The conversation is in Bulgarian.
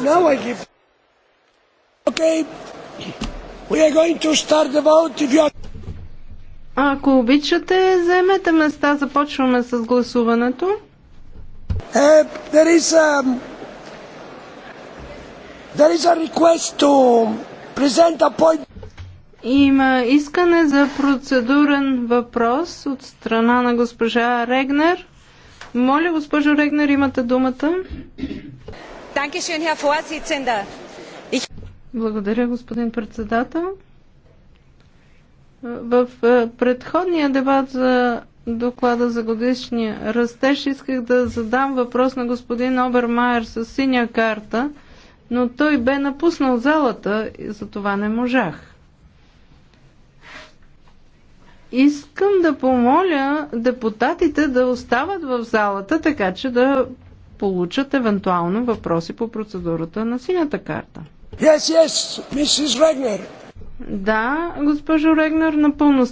Now I give. Okay. We are going to start the vote if you are... Ако обичате, заемете места. Започваме с гласуването. Uh, there is a... Um, there is a request to present a point. Има искане за процедурен въпрос от страна на госпожа Регнер. Моля, госпожо Регнер, имате думата. Благодаря, господин председател. В е, предходния дебат за доклада за годишния растеж исках да задам въпрос на господин Обермайер с синя карта, но той бе напуснал залата и за това не можах. Искам да помоля депутатите да остават в залата, така че да получат евентуално въпроси по процедурата на синята карта. Yes, yes, Mrs. Regner. Да, госпожо Регнер, напълно